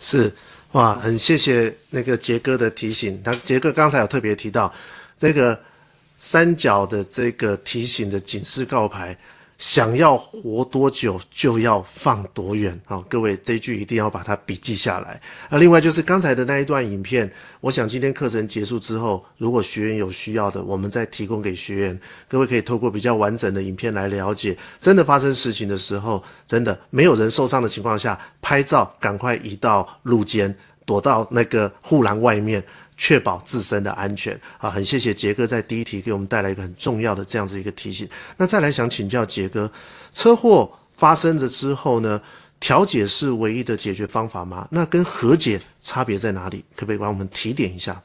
是，哇，很謝謝那個傑哥的提醒。他傑哥剛才有特別提到，這個三角的這個提醒的警示告牌。想要活多久就要放多遠。好，各位，這一句一定要把它筆記下來。那另外就是剛才的那一段影片，我想今天課程結束之後，如果學員有需要的，我們再提供給學員。各位可以透過比較完整的影片來了解，真的發生事情的時候，真的沒有人受傷的情況下，拍照趕快移到路肩。躲到那個護欄外面，確保自身的安全。啊，很謝謝杰哥在第一題，給我們帶來一個很重要的這樣子一個提醒。那再來想請教杰哥，車禍發生了之後呢，調解是唯一的解決方法嗎？那跟和解差別在哪裡？可不可以幫我們提點一下？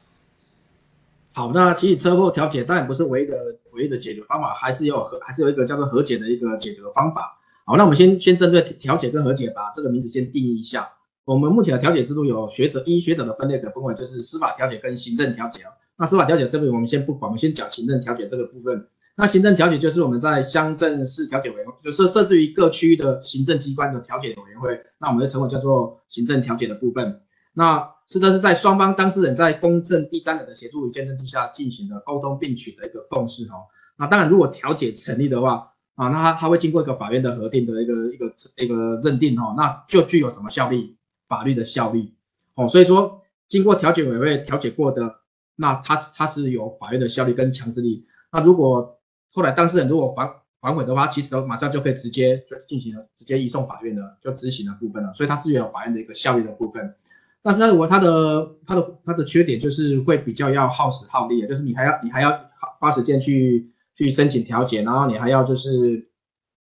好，那提起車禍調解，當然不是唯一的唯一的解決方法，還是有和還是有一個叫做和解的一個解決方法。好，那我們先先針對調解跟和解把這個名詞先定義一下。我們目前的調解制度有學者依學者的分類的分為就是司法調解跟行政調解，啊、那司法調解這邊我們先不管，我們先講行政調解這個部分。那行政調解就是我們在鄉鎮市調解委員會，就設、是、設置於各區域的行政機關的調解委員會，那我們就稱為叫做行政調解的部分。那這這是在雙方當事人在公正第三人的協助與見證之下進行的溝通並取得一個共識哦。那當然，如果調解成立的話啊，那它它會經過一個法院的核定的一個一個一個認定哦，那就具有什麼效力？法律的效力哦，所以說經過調解委員會調解過的，那他他是有法院的效力跟強制力。那如果後來當事人如果反反悔的話，其實都馬上就可以直接就進行了，直接移送法院的就執行的部分了，所以他是有法院的一個效力的部分。但是呢，我他的他的他的缺點就是會比較要耗時耗力，就是你還要你還要花時間去去申請調解，然後你還要就是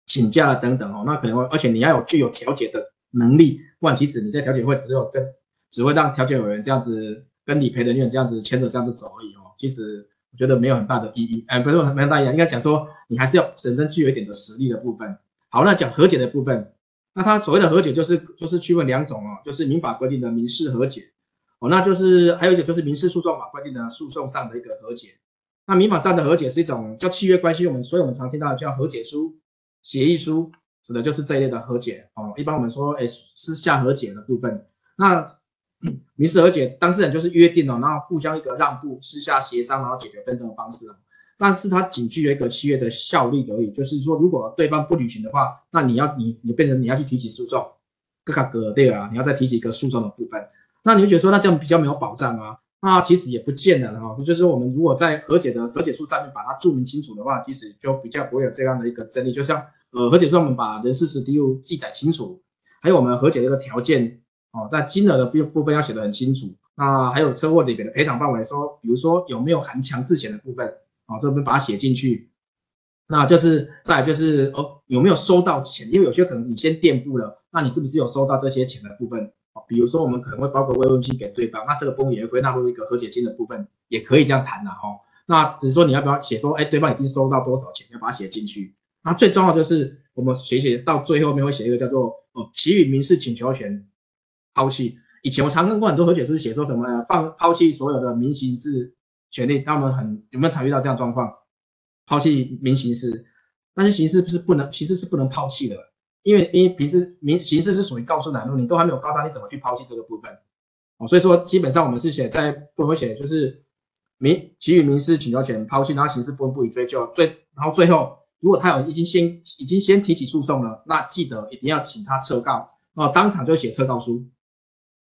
請假等等哦，那可能會，而且你要有具有調解的。能力，不管。其實你在調解會只有跟，只會讓調解委員這樣子跟理賠人員這樣子牽着這樣子走而已哦。其實我覺得沒有很大的意義，嗯、哎，不是沒有很大意義，應該講說你還是要本身具有一點的實力的部分。好，那講和解的部分，那他所謂的和解就是就是區分兩種哦，就是民法規定的民事和解哦，那就是還有一種就是民事訴訟法規定的訴訟上的一個和解。那民法上的和解是一種叫契約關係，我們所以我們常聽到的叫和解書、協議書。指的就是這一類的和解哦，一般我們說，哎，私下和解的部分，那、嗯、民事和解當事人就是約定哦，然後互相一個讓步，私下協商，然後解決紛爭的方式，但是它僅具有一個契約的效力而已，就是說，如果對方不履行的話，那你要你你，你變成你要去提起訴訟，各卡各的對啊，你要再提起一個訴訟的部分，那你會覺得說，那這樣比較沒有保障啊，那其實也不見得哈，這、哦、就，就是我們如果在和解的和解書上面把它注明清楚的話，其實就比較不會有這樣的一個爭議，就像。呃，和解書我們把人事時地物記載清楚，還有我們和解這個條件哦，在金額的部部分要寫得很清楚。那還有車禍裡面的賠償範圍，說比如說有沒有含強制險的部分哦，這邊把它寫進去。那就是再來就是哦，有沒有收到錢？因為有些可能你先墊付了，那你是不是有收到這些錢的部分？哦、比如說我們可能會包括慰問金給對方，那這個部分也會納入一個和解金的部分，也可以這樣談啦、啊。哦。那只是說你要不要寫說，哎，對方已經收到多少錢，要把它寫進去。那最重要的就是我們寫寫到最後面會寫一個叫做哦，其餘民事請求權拋棄。以前我常看過很多和解書寫說什麼放拋棄所有的民刑事權利，那我們很有沒有常遇到這樣狀況？拋棄民刑事，但是刑事不是不能其實是不能拋棄的，因為因為平時民刑事是屬於告訴乃論，你都還沒有告訴他你怎麼去拋棄這個部分哦。所以說基本上我們是寫在不能寫就是民其餘民事請求權拋棄，然後刑事部分不予追究，最然後最後。如果他有已經先已經先提起訴訟了，那記得一定要請他撤告哦，當場就寫撤告書，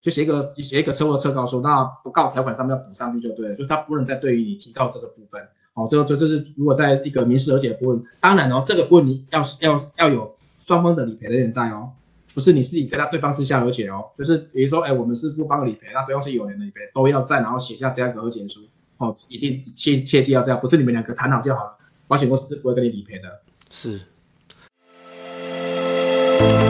就寫一個寫一個車禍撤告書，那不告條款上面要補上去就對了，就是他不能再對於你提到這個部分哦，這個這這是如果在一個民事和解的部分，當然哦，這個部分你要要要有雙方的理賠的人在哦，不是你自己跟他對方私下和解哦，就是比如說哎我們是不幫理賠，那對方是有人的理賠都要在，然後寫下這樣一個和解書哦，一定切切記要這樣，不是你們兩個談好就好了。保險公司是不會跟你理賠的，是，是。